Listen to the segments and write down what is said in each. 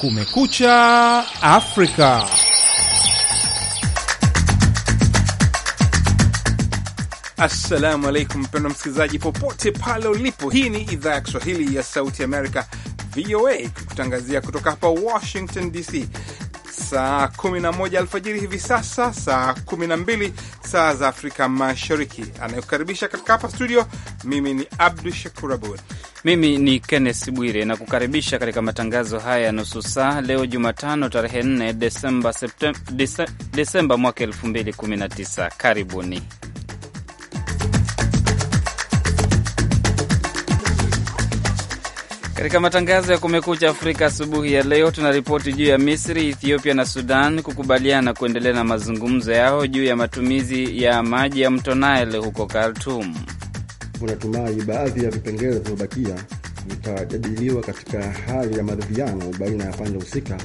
Kumekucha Afrika. Assalamu alaikum, mpendwa msikilizaji popote pale ulipo. Hii ni idhaa ya Kiswahili ya Sauti Amerika, VOA, kutangazia kutoka hapa Washington DC saa 11 alfajiri hivi sasa, saa 12 saa za Afrika Mashariki. Anayekukaribisha katika hapa studio, mimi ni Abdu Shakur Abud mimi ni Kenneth Bwire na kukaribisha katika matangazo haya ya nusu saa leo Jumatano tarehe 4 Desemba, Desemba mwaka 2019. Karibuni katika matangazo ya Kumekucha Afrika. Asubuhi ya leo tuna ripoti juu ya Misri, Ethiopia na Sudan kukubaliana kuendelea na mazungumzo yao juu ya matumizi ya maji ya mto Nile huko Khartoum. Tunatumai baadhi ya vipengele vilivyobakia vitajadiliwa katika hali ya maridhiano baina ya pande husika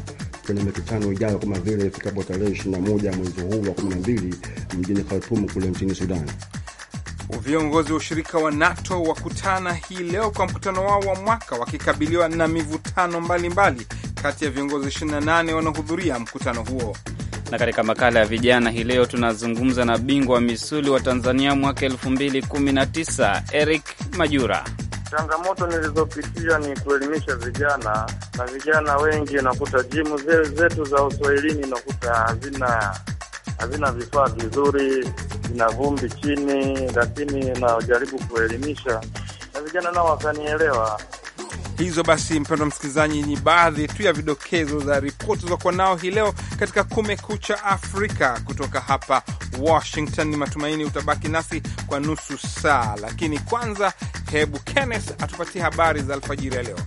kwenye mikutano ijayo kama vile ifikapo tarehe 21 mwezi huu wa 12 mjini Khartoum kule nchini Sudan. Viongozi wa ushirika wa NATO wakutana hii leo kwa mkutano wao wa mwaka wakikabiliwa na mivutano mbalimbali mbali kati ya viongozi 28 wanaohudhuria mkutano huo. Na katika makala ya vijana hii leo tunazungumza na bingwa wa misuli wa Tanzania mwaka e219 Eric Majura. Changamoto nilizopitia ni kuelimisha vijana, na vijana wengi unakuta jimu zetu za uswahilini unakuta hazina hazina vifaa vizuri, zina vumbi chini, lakini najaribu kuelimisha na vijana nao wakanielewa. Hizo basi, mpendwa msikilizaji, ni baadhi tu ya vidokezo za ripoti za kuwa nao hii leo katika Kumekucha Afrika kutoka hapa Washington. Ni matumaini utabaki nasi kwa nusu saa, lakini kwanza, hebu Kenneth atupatie habari za alfajiri ya leo.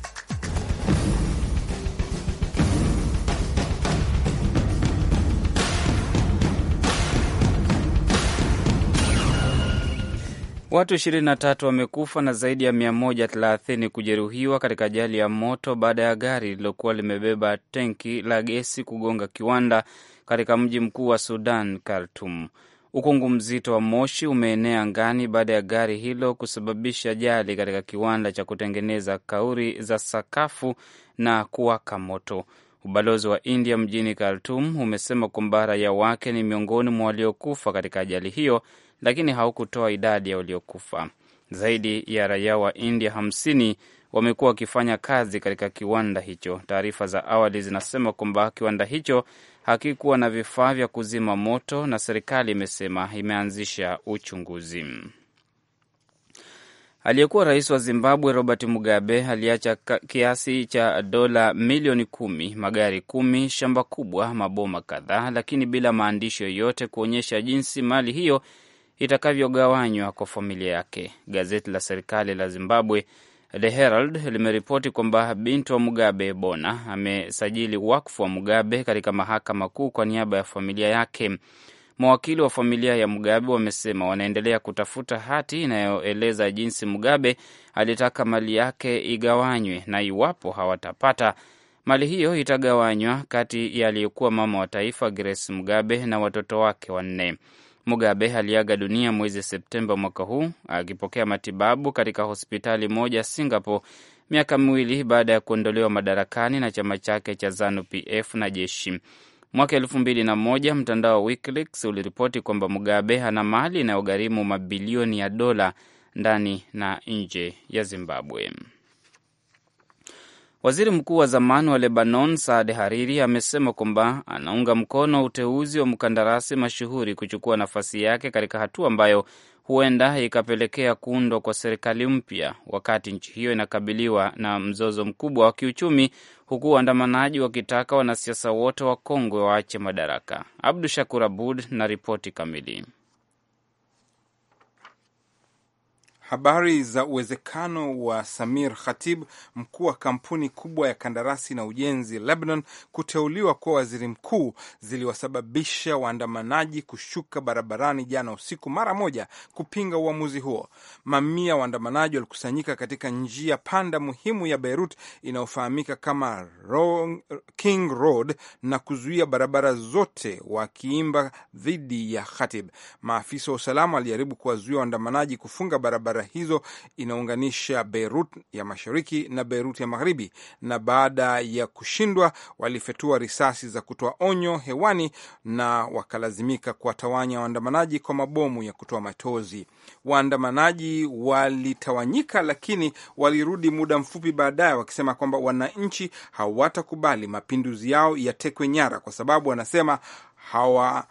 Watu 23 wamekufa na zaidi ya 130 kujeruhiwa katika ajali ya moto baada ya gari lililokuwa limebeba tenki la gesi kugonga kiwanda katika mji mkuu wa Sudan, Khartum. Ukungu mzito wa moshi umeenea angani baada ya gari hilo kusababisha ajali katika kiwanda cha kutengeneza kauri za sakafu na kuwaka moto. Ubalozi wa India mjini Khartum umesema kwamba raia wake ni miongoni mwa waliokufa katika ajali hiyo lakini haukutoa idadi ya waliokufa. Zaidi ya raia wa India hamsini wamekuwa wakifanya kazi katika kiwanda hicho. Taarifa za awali zinasema kwamba kiwanda hicho hakikuwa na vifaa vya kuzima moto na serikali imesema imeanzisha uchunguzi. Aliyekuwa rais wa Zimbabwe Robert Mugabe aliacha kiasi cha dola milioni kumi, magari kumi, shamba kubwa, maboma kadhaa, lakini bila maandishi yoyote kuonyesha jinsi mali hiyo itakavyogawanywa kwa familia yake. Gazeti la serikali la Zimbabwe The Herald limeripoti kwamba binti wa Mugabe Bona amesajili wakfu wa Mugabe katika mahakama kuu kwa niaba ya familia yake. Mawakili wa familia ya Mugabe wamesema wanaendelea kutafuta hati inayoeleza jinsi Mugabe alitaka mali yake igawanywe, na iwapo hawatapata mali hiyo itagawanywa kati ya aliyekuwa mama wa taifa Grace Mugabe na watoto wake wanne. Mugabe aliaga dunia mwezi Septemba mwaka huu akipokea matibabu katika hospitali moja Singapore, miaka miwili baada ya kuondolewa madarakani na chama chake cha ZANU PF na jeshi. Mwaka elfu mbili na moja mtandao wa WikiLeaks uliripoti kwamba Mugabe ana mali inayogharimu mabilioni ya dola ndani na nje ya Zimbabwe. Waziri mkuu wa zamani wa Lebanon Saad Hariri amesema kwamba anaunga mkono uteuzi wa mkandarasi mashuhuri kuchukua nafasi yake katika hatua ambayo huenda ikapelekea kuundwa kwa serikali mpya, wakati nchi hiyo inakabiliwa na mzozo mkubwa wa kiuchumi, huku waandamanaji wakitaka wanasiasa wote wa kongwe waache madaraka. Abdu Shakur Abud na ripoti kamili. Habari za uwezekano wa Samir Khatib, mkuu wa kampuni kubwa ya kandarasi na ujenzi Lebanon, kuteuliwa kuwa waziri mkuu ziliwasababisha waandamanaji kushuka barabarani jana usiku mara moja kupinga uamuzi huo. Mamia waandamanaji walikusanyika katika njia panda muhimu ya Beirut inayofahamika kama King Road na kuzuia barabara zote wakiimba dhidi ya Khatib. Maafisa wa usalama walijaribu kuwazuia waandamanaji kufunga barabara barabara hizo inaunganisha Beirut ya mashariki na Beirut ya magharibi, na baada ya kushindwa walifyatua risasi za kutoa onyo hewani na wakalazimika kuwatawanya waandamanaji kwa mabomu ya kutoa machozi. Waandamanaji walitawanyika, lakini walirudi muda mfupi baadaye wakisema kwamba wananchi hawatakubali mapinduzi yao yatekwe nyara, kwa sababu wanasema hawa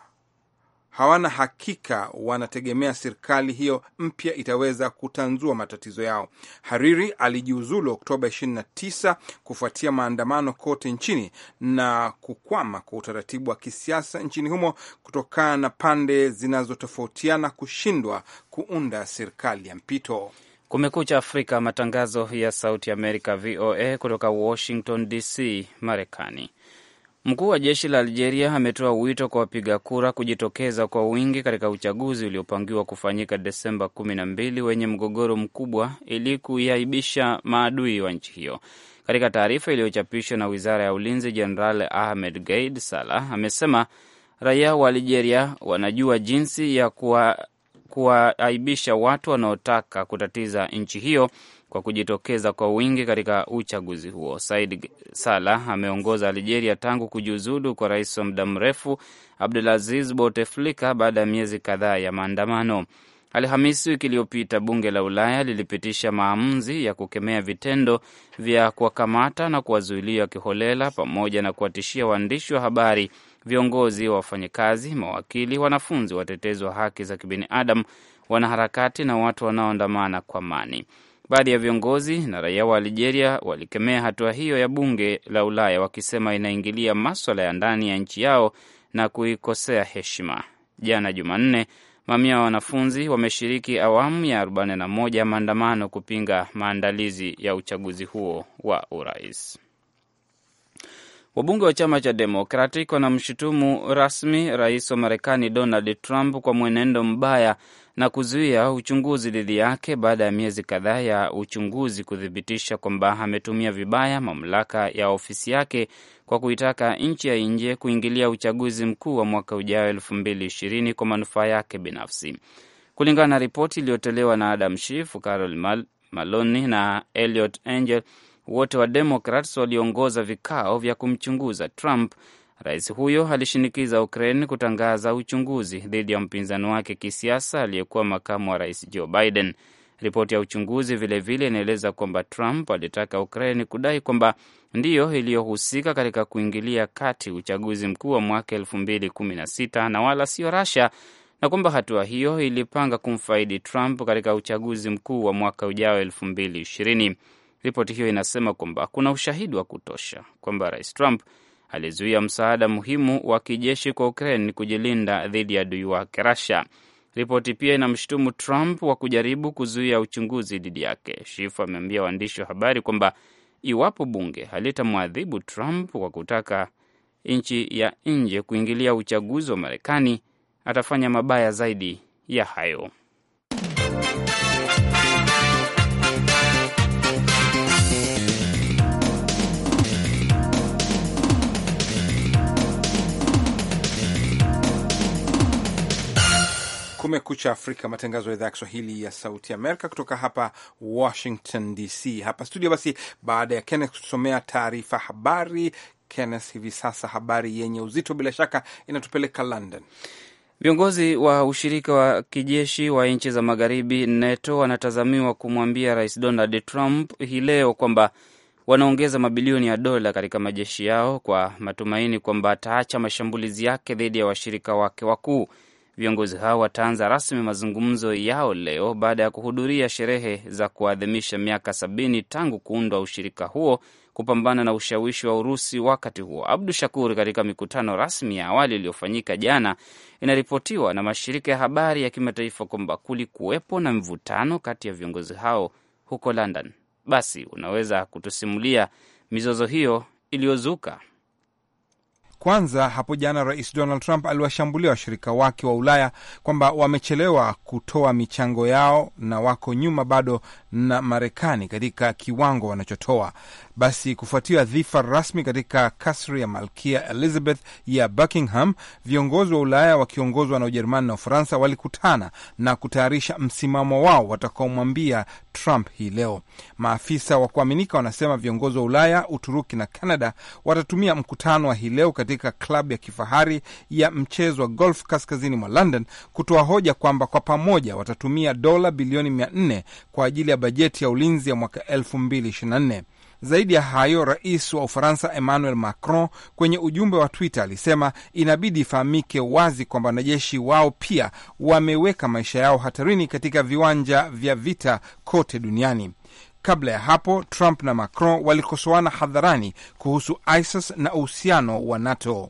hawana hakika, wanategemea serikali hiyo mpya itaweza kutanzua matatizo yao. Hariri alijiuzulu Oktoba 29 kufuatia maandamano kote nchini na kukwama kwa utaratibu wa kisiasa nchini humo kutokana na pande zinazotofautiana kushindwa kuunda serikali ya mpito. Kumekucha Afrika, matangazo ya Sauti Amerika, VOA kutoka Washington DC, Marekani. Mkuu wa jeshi la Algeria ametoa wito kwa wapiga kura kujitokeza kwa wingi katika uchaguzi uliopangiwa kufanyika Desemba 12 wenye mgogoro mkubwa ili kuiaibisha maadui wa nchi hiyo. Katika taarifa iliyochapishwa na wizara ya ulinzi, Jeneral Ahmed Gaid Salah amesema raia wa Algeria wanajua jinsi ya kuwaaibisha watu wanaotaka kutatiza nchi hiyo kwa kujitokeza kwa wingi katika uchaguzi huo. Said Salah ameongoza Algeria tangu kujiuzulu kwa rais wa muda mrefu Abdulaziz Bouteflika baada ya miezi kadhaa ya maandamano. Alhamisi wiki iliyopita bunge la Ulaya lilipitisha maamuzi ya kukemea vitendo vya kuwakamata na kuwazuilia kiholela pamoja na kuwatishia waandishi wa habari, viongozi wa wafanyakazi, mawakili, wanafunzi, watetezi wa haki za kibinadamu, wanaharakati na watu wanaoandamana kwa amani. Baadhi ya viongozi na raia wa Algeria walikemea hatua hiyo ya bunge la Ulaya wakisema inaingilia maswala ya ndani ya nchi yao na kuikosea heshima. Jana Jumanne, mamia wa wanafunzi wameshiriki awamu ya 41 ya maandamano kupinga maandalizi ya uchaguzi huo wa urais. Wabunge wa chama cha Democratic wanamshutumu rasmi rais wa Marekani Donald Trump kwa mwenendo mbaya na kuzuia uchunguzi dhidi yake baada ya miezi kadhaa ya uchunguzi kuthibitisha kwamba ametumia vibaya mamlaka ya ofisi yake kwa kuitaka nchi ya nje kuingilia uchaguzi mkuu wa mwaka ujao 2020 kwa manufaa yake binafsi. Kulingana na ripoti iliyotolewa na Adam Schiff, Carol Mal Maloney na Eliot Engel, wote wa Democrats waliongoza vikao vya kumchunguza Trump Rais huyo alishinikiza Ukraine kutangaza uchunguzi dhidi ya mpinzani wake kisiasa aliyekuwa makamu wa rais Joe Biden. Ripoti ya uchunguzi vilevile inaeleza kwamba Trump alitaka Ukraine kudai kwamba ndiyo iliyohusika katika kuingilia kati uchaguzi mkuu wa mwaka elfu mbili kumi na sita na wala sio rasia na kwamba hatua hiyo ilipanga kumfaidi Trump katika uchaguzi mkuu wa mwaka ujao elfu mbili ishirini. Ripoti hiyo inasema kwamba kuna ushahidi wa kutosha kwamba rais Trump alizuia msaada muhimu wa kijeshi kwa Ukraine kujilinda dhidi ya adui wake Russia. Ripoti pia inamshutumu Trump wa kujaribu kuzuia uchunguzi dhidi yake. Shif ameambia waandishi wa habari kwamba iwapo bunge halitamwadhibu Trump kwa kutaka nchi ya nje kuingilia uchaguzi wa Marekani atafanya mabaya zaidi ya hayo. Kumekucha Afrika, matangazo ya idhaa ya Kiswahili ya Sauti Amerika kutoka hapa Washington DC, hapa studio. Basi baada ya Kenneth kutusomea taarifa habari, Kenneth, hivi sasa habari yenye uzito bila shaka inatupeleka London. Viongozi wa ushirika wa kijeshi wa nchi za magharibi NATO wanatazamiwa kumwambia Rais Donald Trump hii leo kwamba wanaongeza mabilioni ya dola katika majeshi yao kwa matumaini kwamba ataacha mashambulizi yake dhidi ya washirika wake wakuu. Viongozi hao wataanza rasmi mazungumzo yao leo baada ya kuhudhuria sherehe za kuadhimisha miaka sabini tangu kuundwa ushirika huo kupambana na ushawishi wa Urusi wakati huo. Abdu Shakur, katika mikutano rasmi ya awali iliyofanyika jana, inaripotiwa na mashirika ya habari ya kimataifa kwamba kulikuwepo na mvutano kati ya viongozi hao huko London. Basi unaweza kutusimulia mizozo hiyo iliyozuka? Kwanza hapo jana Rais Donald Trump aliwashambulia washirika wake wa Ulaya kwamba wamechelewa kutoa michango yao na wako nyuma bado na Marekani katika kiwango wanachotoa. Basi kufuatia dhifa rasmi katika kasri ya Malkia Elizabeth ya Buckingham, viongozi wa Ulaya wakiongozwa na Ujerumani na Ufaransa walikutana na kutayarisha msimamo wao watakaomwambia Trump hii leo. Maafisa wa kuaminika wanasema viongozi wa Ulaya, Uturuki na Canada watatumia mkutano wa hii leo katika klabu ya kifahari ya mchezo wa golf kaskazini mwa London kutoa hoja kwamba kwa pamoja watatumia dola bilioni mia nne kwa ajili ya bajeti ya ulinzi ya mwaka 2024. Zaidi ya hayo, rais wa Ufaransa Emmanuel Macron kwenye ujumbe wa Twitter alisema inabidi ifahamike wazi kwamba wanajeshi wao pia wameweka maisha yao hatarini katika viwanja vya vita kote duniani. Kabla ya hapo, Trump na Macron walikosoana hadharani kuhusu ISIS na uhusiano wa NATO.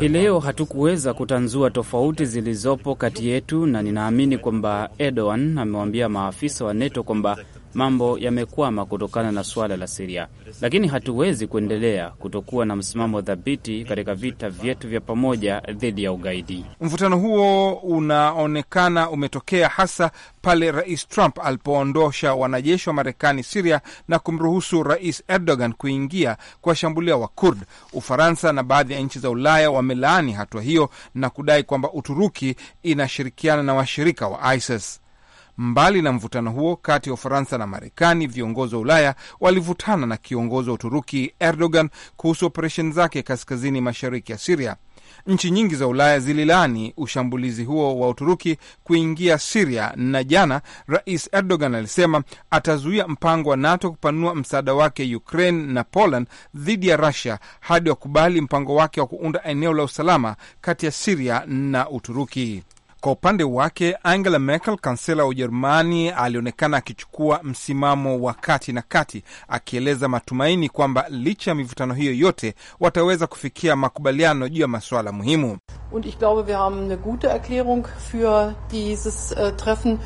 Leo hatukuweza kutanzua tofauti zilizopo kati yetu, na ninaamini kwamba Erdogan amewaambia maafisa wa NATO kwamba mambo yamekwama kutokana na suala la Siria, lakini hatuwezi kuendelea kutokuwa na msimamo dhabiti katika vita vyetu vya pamoja dhidi ya ugaidi. Mvutano huo unaonekana umetokea hasa pale Rais Trump alipoondosha wanajeshi wa Marekani Siria na kumruhusu Rais Erdogan kuingia kuwashambulia Wakurd. Ufaransa na baadhi ya nchi za Ulaya wamelaani hatua hiyo na kudai kwamba Uturuki inashirikiana na washirika wa ISIS. Mbali na mvutano huo kati ya Ufaransa na Marekani, viongozi wa Ulaya walivutana na kiongozi wa Uturuki Erdogan kuhusu operesheni zake kaskazini mashariki ya Siria. Nchi nyingi za Ulaya zililaani ushambulizi huo wa Uturuki kuingia Siria, na jana Rais Erdogan alisema atazuia mpango wa NATO kupanua msaada wake Ukraine na Poland dhidi ya Rusia hadi wakubali mpango wake wa kuunda eneo la usalama kati ya Siria na Uturuki. Kwa upande wake Angela Merkel, kansela wa Ujerumani, alionekana akichukua msimamo wa kati na kati, akieleza matumaini kwamba licha ya mivutano hiyo yote wataweza kufikia makubaliano juu ya masuala muhimu. Und ich glaube, wir haben eine gute Erklärung für dieses äh, Treffen.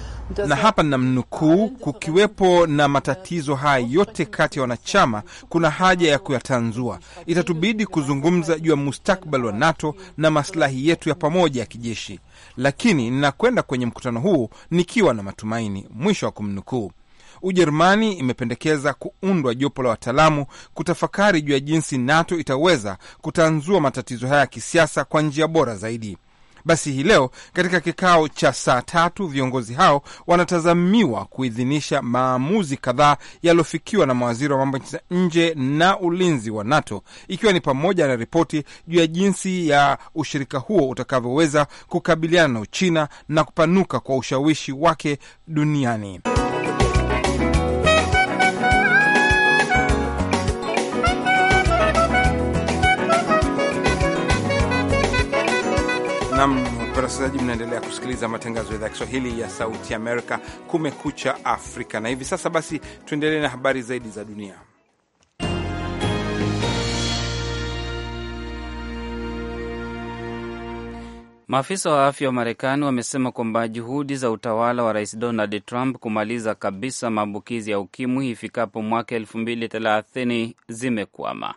Na hapa namnukuu, kukiwepo na matatizo haya yote kati ya wanachama, kuna haja ya kuyatanzua. Itatubidi kuzungumza juu ya mustakbali wa NATO na maslahi yetu ya pamoja ya kijeshi, lakini ninakwenda kwenye mkutano huu nikiwa na matumaini. Mwisho wa kumnukuu. Ujerumani imependekeza kuundwa jopo la wataalamu kutafakari juu ya jinsi NATO itaweza kutanzua matatizo haya ya kisiasa kwa njia bora zaidi. Basi hii leo katika kikao cha saa tatu viongozi hao wanatazamiwa kuidhinisha maamuzi kadhaa yaliyofikiwa na mawaziri wa mambo ya nje na ulinzi wa NATO, ikiwa ni pamoja na ripoti juu ya jinsi ya ushirika huo utakavyoweza kukabiliana na Uchina na kupanuka kwa ushawishi wake duniani. Nam wapenda wasikilizaji, mnaendelea kusikiliza matangazo ya idhaa ya Kiswahili ya Sauti Amerika, Kumekucha Afrika. Na hivi sasa basi, tuendelee na habari zaidi za dunia. Maafisa wa afya wa Marekani wamesema kwamba juhudi za utawala wa Rais Donald Trump kumaliza kabisa maambukizi ya ukimwi ifikapo mwaka 230 zimekwama.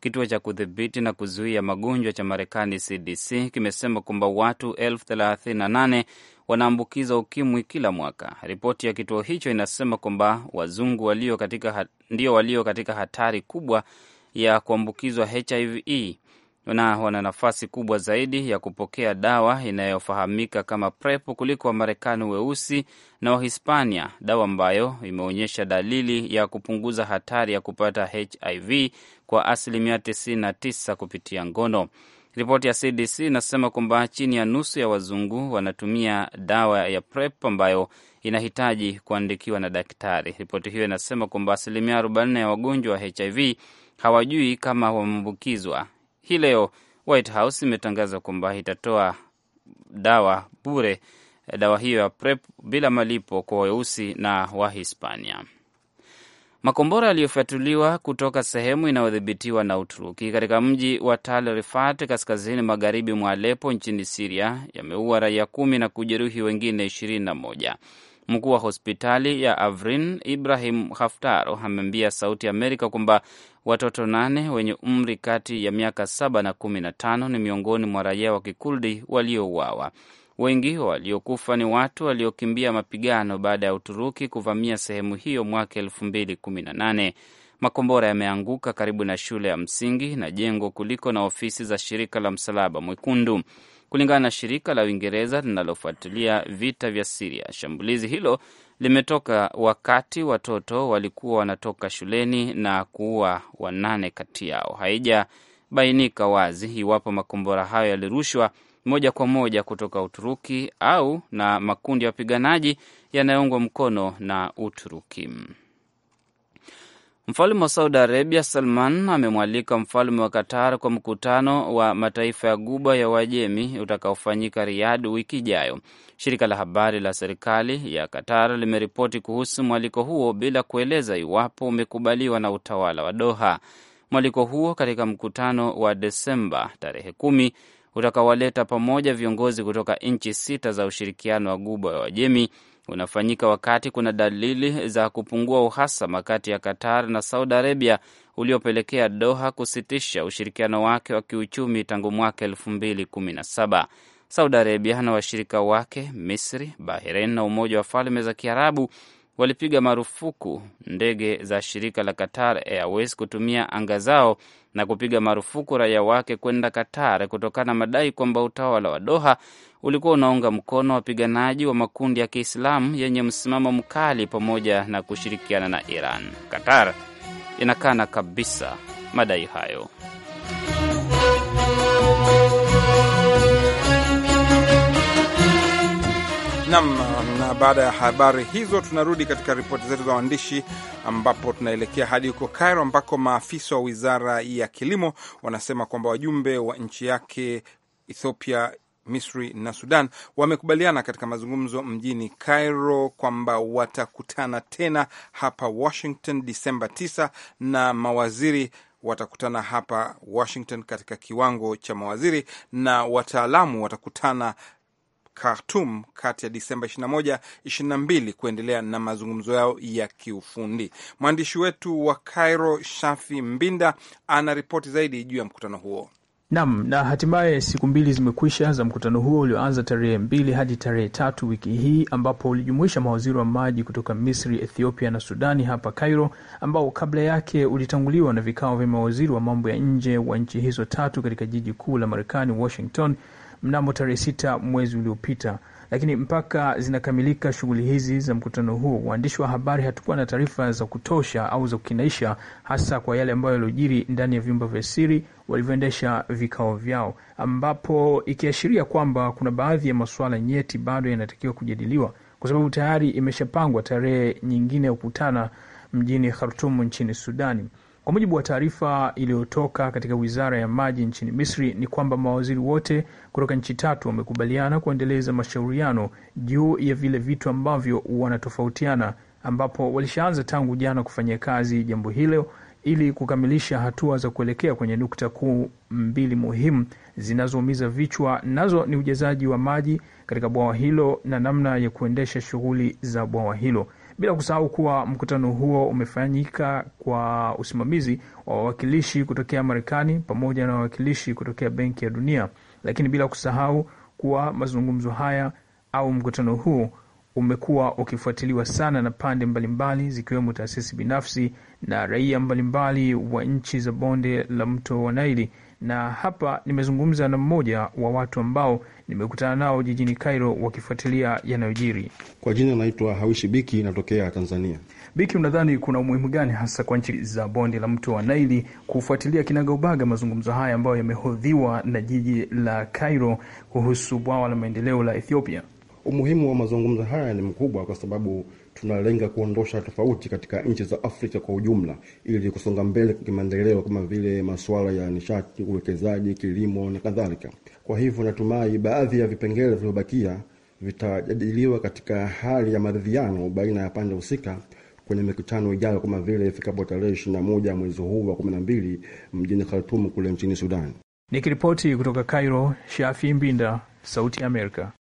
Kituo cha kudhibiti na kuzuia magonjwa cha Marekani, CDC, kimesema kwamba watu 38 wanaambukiza ukimwi kila mwaka. Ripoti ya kituo hicho inasema kwamba wazungu walio katika, ndio walio katika hatari kubwa ya kuambukizwa HIV e na wana nafasi kubwa zaidi ya kupokea dawa inayofahamika kama PrEP kuliko Wamarekani weusi na Wahispania, dawa ambayo imeonyesha dalili ya kupunguza hatari ya kupata HIV kwa asilimia 99 kupitia ngono. Ripoti ya CDC inasema kwamba chini ya nusu ya wazungu wanatumia dawa ya PrEP ambayo inahitaji kuandikiwa na daktari. Ripoti hiyo inasema kwamba asilimia 4 ya wagonjwa wa HIV hawajui kama wameambukizwa hii leo White House imetangaza kwamba itatoa dawa bure, eh, dawa hiyo ya PrEP bila malipo kwa weusi na Wahispania. Makombora yaliyofyatuliwa kutoka sehemu inayodhibitiwa na Uturuki katika mji wa Tal Rifat kaskazini magharibi mwa Alepo nchini Siria yameua raia kumi na kujeruhi wengine ishirini na moja. Mkuu wa hospitali ya avrin Ibrahim Haftar ameambia Sauti Amerika kwamba watoto nane wenye umri kati ya miaka saba na kumi na tano ni miongoni mwa raia wa Kikurdi waliouawa. Wengi waliokufa ni watu waliokimbia mapigano baada ya Uturuki kuvamia sehemu hiyo mwaka elfu mbili kumi na nane. Makombora yameanguka karibu na shule ya msingi na jengo kuliko na ofisi za shirika la Msalaba Mwekundu kulingana na shirika la Uingereza linalofuatilia vita vya Siria. Shambulizi hilo limetoka wakati watoto walikuwa wanatoka shuleni na kuua wanane kati yao. Haijabainika wazi iwapo makombora hayo yalirushwa moja kwa moja kutoka Uturuki au na makundi ya wapiganaji yanayoungwa mkono na Uturuki. Mfalme wa Saudi Arabia Salman amemwalika mfalme wa Qatar kwa mkutano wa mataifa ya Guba ya Uajemi utakaofanyika Riyadh wiki ijayo. Shirika la habari la serikali ya Qatar limeripoti kuhusu mwaliko huo bila kueleza iwapo umekubaliwa na utawala wa Doha. Mwaliko huo katika mkutano wa Desemba tarehe kumi utakawaleta pamoja viongozi kutoka nchi sita za ushirikiano wa Guba ya Uajemi unafanyika wakati kuna dalili za kupungua uhasama kati ya Qatar na Saudi Arabia uliopelekea Doha kusitisha ushirikiano wake wa kiuchumi tangu mwaka elfu mbili kumi na saba. Saudi Arabia na washirika wake Misri, Bahrein na Umoja wa Falme za Kiarabu walipiga marufuku ndege za shirika la Qatar Airways kutumia anga zao na kupiga marufuku raia wake kwenda Qatar kutokana na madai kwamba utawala wa Doha ulikuwa unaunga mkono wapiganaji wa makundi ya Kiislamu yenye msimamo mkali pamoja na kushirikiana na Iran. Qatar inakana kabisa madai hayo. Nam na baada ya habari hizo, tunarudi katika ripoti zetu za waandishi, ambapo tunaelekea hadi huko Cairo ambako maafisa wa wizara ya kilimo wanasema kwamba wajumbe wa nchi yake Ethiopia Misri na Sudan wamekubaliana katika mazungumzo mjini Cairo kwamba watakutana tena hapa Washington Disemba 9 na mawaziri watakutana hapa Washington katika kiwango cha mawaziri na wataalamu watakutana Khartum kati ya Disemba 21 22 kuendelea na mazungumzo yao ya kiufundi. Mwandishi wetu wa Cairo, Shafi Mbinda, ana ripoti zaidi juu ya mkutano huo. Nam na hatimaye siku mbili zimekwisha za mkutano huo ulioanza tarehe mbili hadi tarehe tatu wiki hii, ambapo ulijumuisha mawaziri wa maji kutoka Misri, Ethiopia na Sudani hapa Cairo, ambao kabla yake ulitanguliwa na vikao vya mawaziri wa mambo ya nje wa nchi hizo tatu katika jiji kuu la Marekani, Washington, mnamo tarehe sita mwezi uliopita, lakini mpaka zinakamilika shughuli hizi za mkutano huu, waandishi wa habari hatukuwa na taarifa za kutosha au za kukinaisha, hasa kwa yale ambayo yaliojiri ndani ya vyumba vya siri walivyoendesha vikao vyao, ambapo ikiashiria kwamba kuna baadhi ya masuala nyeti bado yanatakiwa kujadiliwa, kwa sababu tayari imeshapangwa tarehe nyingine ya kukutana mjini Khartum nchini Sudani. Kwa mujibu wa taarifa iliyotoka katika wizara ya maji nchini Misri ni kwamba mawaziri wote kutoka nchi tatu wamekubaliana kuendeleza mashauriano juu ya vile vitu ambavyo wanatofautiana, ambapo walishaanza tangu jana kufanya kazi jambo hilo ili kukamilisha hatua za kuelekea kwenye nukta kuu mbili muhimu zinazoumiza vichwa, nazo ni ujazaji wa maji katika bwawa hilo na namna ya kuendesha shughuli za bwawa hilo bila kusahau kuwa mkutano huo umefanyika kwa usimamizi wa wawakilishi kutokea Marekani pamoja na wawakilishi kutokea Benki ya Dunia, lakini bila kusahau kuwa mazungumzo haya au mkutano huu umekuwa ukifuatiliwa sana na pande mbalimbali zikiwemo taasisi binafsi na raia mbalimbali wa nchi za bonde la mto wa Naili na hapa nimezungumza na mmoja wa watu ambao nimekutana nao jijini Cairo wakifuatilia yanayojiri. Kwa jina naitwa Hawishi Biki, inatokea Tanzania. Biki, unadhani kuna umuhimu gani hasa kwa nchi za bonde la mto wa Naili kufuatilia kinagaubaga mazungumzo haya ambayo yamehodhiwa na jiji la Cairo kuhusu bwawa la maendeleo la Ethiopia? Umuhimu wa mazungumzo haya ni mkubwa kwa sababu tunalenga kuondosha tofauti katika nchi za Afrika kwa ujumla ili kusonga mbele kimaendeleo kama vile masuala ya nishati, uwekezaji, kilimo na kadhalika. Kwa hivyo, natumai baadhi ya vipengele vilivyobakia vitajadiliwa katika hali ya maridhiano baina ya pande husika kwenye mikutano ijayo kama vile ifikapo tarehe 21 mwezi huu wa 12 mjini Khartoum kule nchini Sudan. Nikiripoti kutoka Cairo, Shafi Mbinda, Sauti ya Amerika.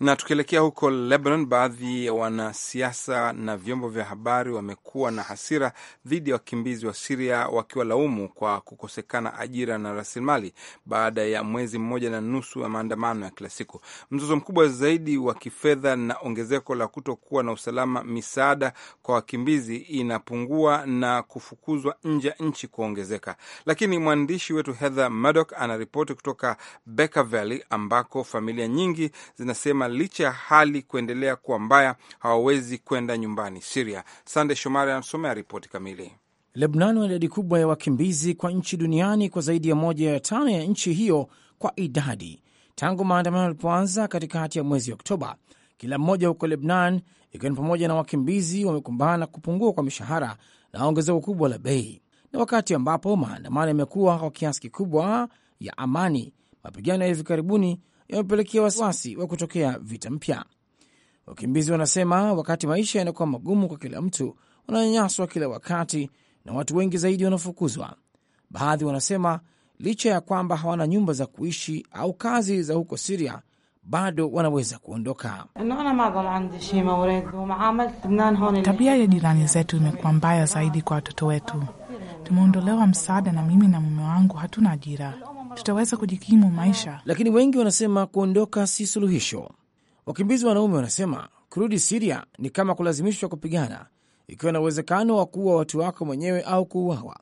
Na tukielekea huko Lebanon, baadhi ya wanasiasa na vyombo vya habari wamekuwa na hasira dhidi ya wakimbizi wa Siria wakiwalaumu kwa kukosekana ajira na rasilimali baada ya mwezi mmoja na nusu ya maandamano ya kila siku. Mzozo mkubwa zaidi wa kifedha na ongezeko la kutokuwa na usalama, misaada kwa wakimbizi inapungua na kufukuzwa nje ya nchi kuongezeka. Lakini mwandishi wetu Heather Maddock anaripoti kutoka Becker Valley ambako familia nyingi zinasema amesema licha ya hali kuendelea kuwa mbaya hawawezi kwenda nyumbani Siria. Sande Shomari anasomea ripoti kamili. lebnan wana idadi kubwa ya wakimbizi kwa nchi duniani kwa zaidi ya moja ya tano ya nchi hiyo kwa idadi tangu maandamano yalipoanza katikati ya mwezi Oktoba. Kila mmoja huko Lebnan, ikiwa ni pamoja na wakimbizi, wamekumbana na kupungua kwa mishahara na ongezeko kubwa la bei. Na wakati ambapo maandamano yamekuwa kwa kiasi kikubwa ya amani, mapigano ya hivi karibuni yamepelekea wasiwasi wa kutokea vita mpya. Wakimbizi wanasema wakati maisha yanakuwa magumu kwa kila mtu, wananyanyaswa kila wakati na watu wengi zaidi wanafukuzwa. Baadhi wanasema licha ya kwamba hawana nyumba za kuishi au kazi za huko Siria, bado wanaweza kuondoka. Tabia ya jirani zetu imekuwa mbaya zaidi kwa watoto wetu. Tumeondolewa msaada, na mimi na mume wangu hatuna ajira tutaweza kujikimu maisha. Lakini wengi wanasema kuondoka si suluhisho. Wakimbizi wanaume wanasema kurudi Siria ni kama kulazimishwa kupigana, ikiwa na uwezekano wa kuua watu wako mwenyewe au kuuawa.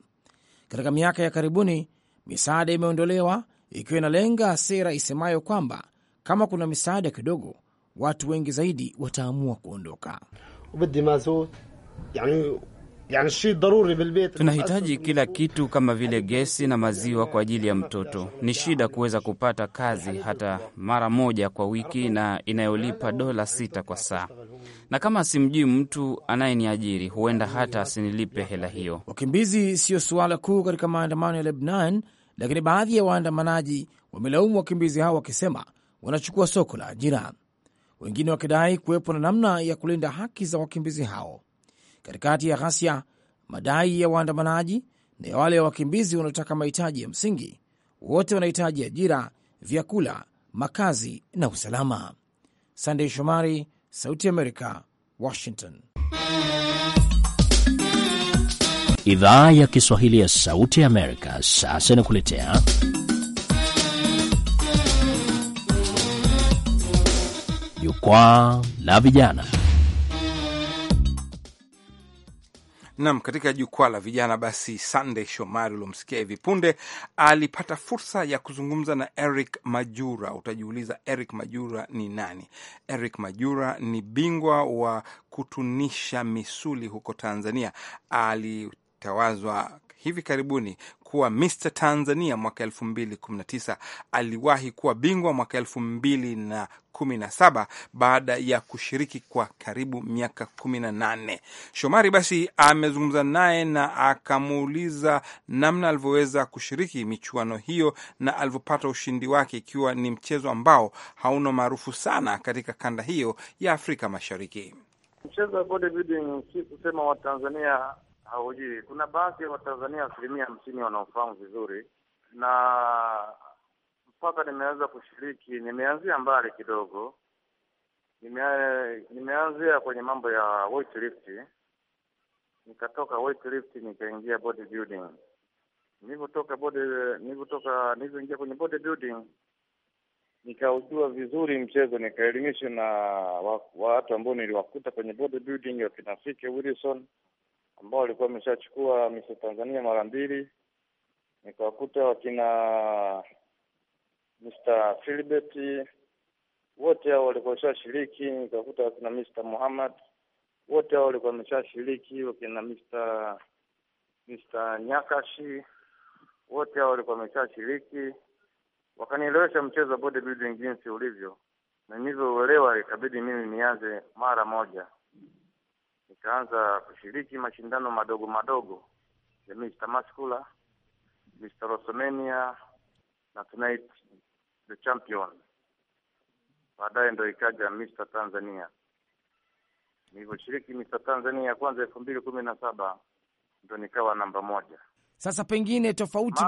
Katika miaka ya karibuni, misaada imeondolewa ikiwa inalenga sera isemayo kwamba kama kuna misaada kidogo, watu wengi zaidi wataamua kuondoka. Tunahitaji kila kitu kama vile gesi na maziwa kwa ajili ya mtoto. Ni shida kuweza kupata kazi hata mara moja kwa wiki na inayolipa dola sita kwa saa, na kama simjui mtu anayeniajiri huenda hata asinilipe hela hiyo. Wakimbizi siyo suala kuu katika maandamano ya Lebanon, lakini baadhi ya waandamanaji wamelaumu wakimbizi hao wakisema wanachukua soko la ajira, wengine wakidai kuwepo na namna ya kulinda haki za wakimbizi hao katikati ya ghasia, madai ya waandamanaji na ya wale wakimbizi wanaotaka mahitaji ya msingi. Wote wanahitaji ajira, vyakula, makazi na usalama. Sandey Shomari, Sauti Amerika, Washington. Idhaa ya Kiswahili ya Sauti Amerika sasa inakuletea Jukwaa la Vijana. Nam, katika jukwaa la vijana basi, sandey Shomari uliomsikia hivi punde alipata fursa ya kuzungumza na Eric Majura. Utajiuliza, Eric Majura ni nani? Eric Majura ni bingwa wa kutunisha misuli huko Tanzania ali tawazwa hivi karibuni kuwa Mr Tanzania mwaka 2019. Aliwahi kuwa bingwa mwaka 2017 baada ya kushiriki kwa karibu miaka 18. Shomari basi amezungumza naye na akamuuliza namna alivyoweza kushiriki michuano hiyo na alivyopata ushindi wake, ikiwa ni mchezo ambao hauna maarufu sana katika kanda hiyo ya Afrika Mashariki. Mchezo wa bodybuilding si kusema Watanzania haujui. Kuna baadhi ya Watanzania asilimia hamsini wanaofahamu vizuri, na mpaka nimeweza kushiriki, nimeanzia mbali kidogo, nime, nimeanzia kwenye mambo ya weightlifting, nikatoka weightlifting nikaingia bodybuilding. Nilivyotoka body nilivyotoka nilivyoingia kwenye bodybuilding nikaujua vizuri mchezo, nikaelimishwa na watu ambao niliwakuta kwenye bodybuilding, wakina Fike Wilson ambao walikuwa wameshachukua Miss Tanzania mara mbili, nikawakuta wakina Mr. Philbert wote hao walikuwa wameshashiriki, nikawakuta wakina Mr. Muhammad wote hao walikuwa wameshashiriki, wakina Mr. Mr. Nyakashi wote hao walikuwa wameshashiriki. Wakanielewesha mchezo wa bodybuilding jinsi ulivyo, na nilivyouelewa ikabidi mimi nianze mara moja nikaanza kushiriki mashindano madogo madogo ya Mr. Muscular, Mr. Rosomania na Tonight the Champion. Baadaye ndo ikaja Mr. Tanzania. Nilivyoshiriki Mr. Tanzania kwanza elfu mbili kumi na saba ndo nikawa namba moja. Sasa pengine tofauti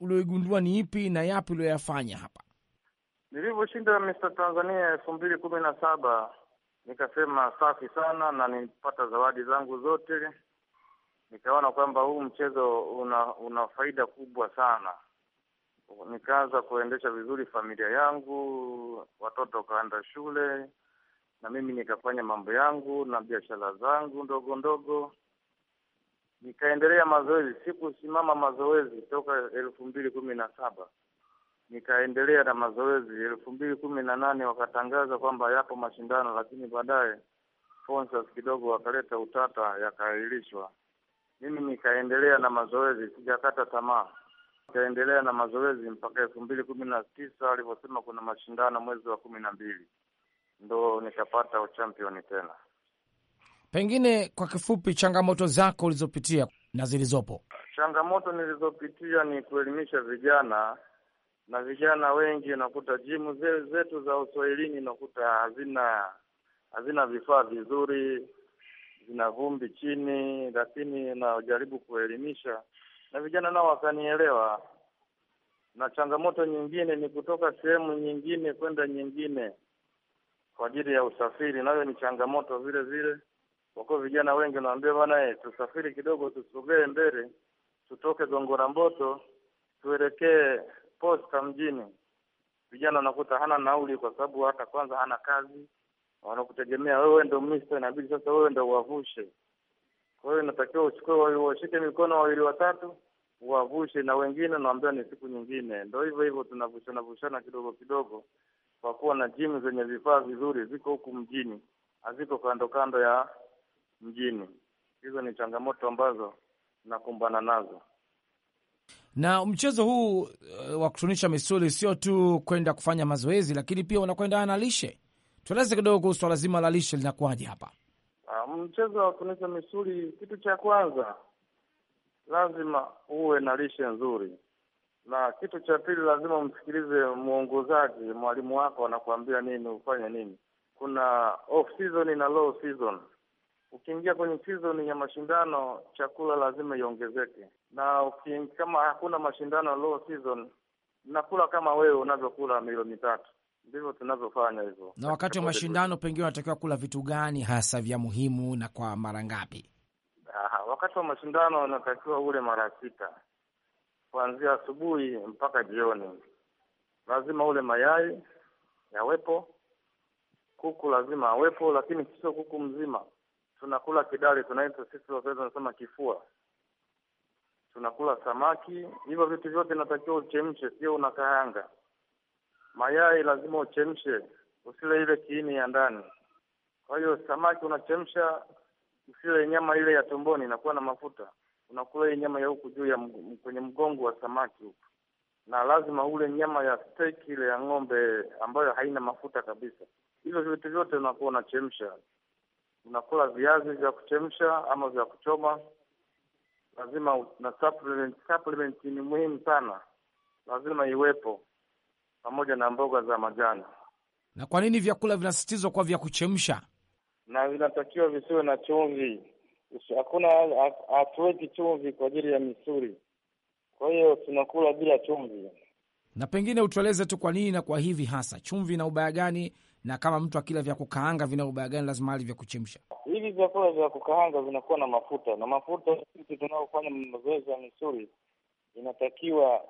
ulioigundua ni ipi na yapi ulioyafanya hapa? Nilivyoshinda Mr. Tanzania elfu mbili kumi na saba Nikasema safi sana, na nilipata zawadi zangu zote. Nikaona kwamba huu mchezo una una faida kubwa sana. Nikaanza kuendesha vizuri familia yangu, watoto wakaenda shule, na mimi nikafanya mambo yangu na biashara zangu ndogo ndogo. Nikaendelea mazoezi, sikusimama mazoezi toka elfu mbili kumi na saba nikaendelea na mazoezi. elfu mbili kumi na nane wakatangaza kwamba yapo mashindano, lakini baadaye sponsors kidogo wakaleta utata, yakaahirishwa. Mimi nikaendelea na mazoezi, sijakata tamaa, nikaendelea na mazoezi mpaka elfu mbili kumi na tisa alivyosema kuna mashindano mwezi wa kumi na mbili ndo nikapata uchampioni tena. Pengine kwa kifupi, changamoto zako ulizopitia na zilizopo. Changamoto nilizopitia ni kuelimisha vijana na vijana wengi unakuta jimu zetu za uswahilini unakuta hazina hazina vifaa vizuri, zina vumbi chini, lakini najaribu kuelimisha na vijana nao wakanielewa. Na changamoto nyingine ni kutoka sehemu nyingine kwenda nyingine kwa ajili ya usafiri, nayo ni changamoto vile vile. Kwa kuwa vijana wengi naambia bana, eh, tusafiri kidogo, tusogee mbele, tutoke Gongo la Mboto tuelekee posta mjini, vijana wanakuta hana nauli, kwa sababu hata kwanza hana kazi, wanakutegemea wewe ndo mister, inabidi sasa wewe ndo uwavushe. Kwa hiyo inatakiwa uchukue, washike mikono wawili watatu, uwavushe na wengine unaambia ni siku nyingine. Ndo hivyo hivyo tunavushana vushana kidogo kidogo, kwa kuwa na jimu zenye vifaa vizuri ziko huku mjini, haziko kando kando ya mjini. Hizo ni changamoto ambazo nakumbana nazo. Na mchezo huu uh, wa kutunisha misuli sio tu kwenda kufanya mazoezi, lakini pia unakwenda na lishe. Tueleze kidogo kuhusu swala zima la lishe, linakuwaje hapa? Uh, mchezo wa kutunisha misuli, kitu cha kwanza lazima uwe na lishe nzuri, na kitu cha pili lazima umsikilize mwongozaji, mwalimu wako anakuambia nini ufanye nini. Kuna off season na low season Ukiingia kwenye season ya mashindano, chakula lazima iongezeke, na ukiingia, kama hakuna mashindano low season, nakula kama wewe unavyokula milo mitatu, ndivyo tunavyofanya hivyo. Na wakati wa mashindano, pengine unatakiwa kula vitu gani hasa vya muhimu na kwa mara ngapi? Aha, wakati wa mashindano unatakiwa ule mara sita kuanzia asubuhi mpaka jioni. Lazima ule mayai yawepo, kuku lazima awepo, lakini sio kuku mzima tunakula kidale, tunaita sisi Wafedha tunasema kifua, tunakula samaki. Hivyo vitu vyote inatakiwa uchemshe, sio unakaanga. Mayai lazima uchemshe, usile ile kiini ya ndani. Kwa hiyo samaki unachemsha, usile nyama ile ya tumboni, inakuwa na mafuta. Unakula ile nyama ya huku juu ya kwenye mgongo wa samaki huku, na lazima ule nyama ya steak ile ya ng'ombe ambayo haina mafuta kabisa. Hivyo vitu vyote unakuwa unachemsha unakula viazi vya kuchemsha ama vya kuchoma, lazima na supplement. Supplement ni muhimu sana, lazima iwepo pamoja na mboga za majani. Na kwa nini vyakula vinasisitizwa kwa vya kuchemsha? Na vinatakiwa visiwe na chumvi, hakuna hatuweki chumvi kwa ajili ya misuli, kwa hiyo tunakula bila chumvi. Na pengine utueleze tu kwa nini na kwa hivi hasa chumvi na ubaya gani na kama mtu akila vya kukaanga vina ubaya gani? Lazima ali vya kuchemsha. Hivi vyakula vya kukaanga vinakuwa na mafuta, na mafuta, sisi tunaofanya mazoezi ya misuli, inatakiwa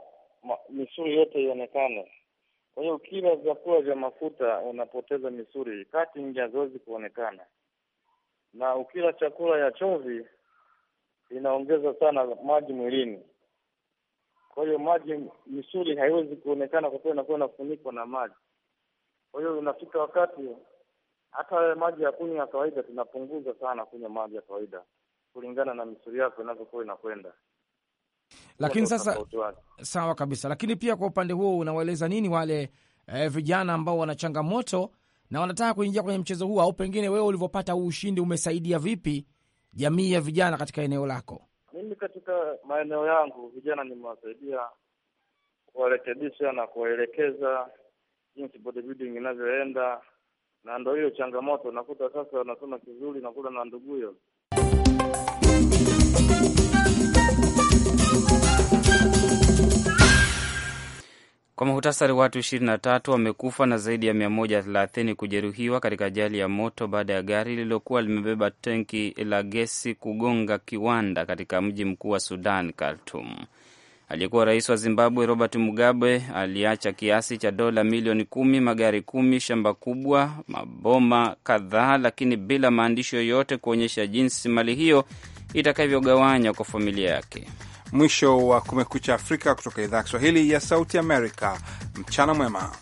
misuli yote ionekane. Kwa hiyo kila vyakula vya mafuta unapoteza misuli, cutting haziwezi kuonekana, na ukila chakula ya chumvi inaongeza sana maji mwilini. Kwa hiyo maji, misuli haiwezi kuonekana kwa kuwa inakuwa inafunikwa na maji. Kwa hiyo unafika wakati hata maji ya kunywa ya kawaida tunapunguza sana kunywa maji ya kawaida kulingana na misuli yako inavyokuwa inakwenda. Lakini sasa, sawa kabisa. Lakini pia kwa upande huo unawaeleza nini wale eh, vijana ambao wana changamoto na wanataka kuingia kwenye mchezo huu, au pengine wewe ulivyopata huu ushindi umesaidia vipi jamii ya vijana katika eneo lako? Mimi katika maeneo yangu vijana nimewasaidia kuwarekebisha na kuwaelekeza jinsi bodybuilding inavyoenda, na ndo hiyo changamoto. Nakuta sasa wanasoma kizuri na kula na nduguyo. Kwa muhtasari, watu 23 wamekufa na zaidi ya 130 kujeruhiwa katika ajali ya moto baada ya gari lililokuwa limebeba tenki la gesi kugonga kiwanda katika mji mkuu wa Sudan, Khartoum. Aliyekuwa rais wa Zimbabwe Robert Mugabe aliacha kiasi cha dola milioni kumi, magari kumi, shamba kubwa, maboma kadhaa, lakini bila maandishi yoyote kuonyesha jinsi mali hiyo itakavyogawanywa kwa familia yake. Mwisho wa Kumekucha Afrika kutoka idhaa ya Kiswahili ya Sauti Amerika. Mchana mwema.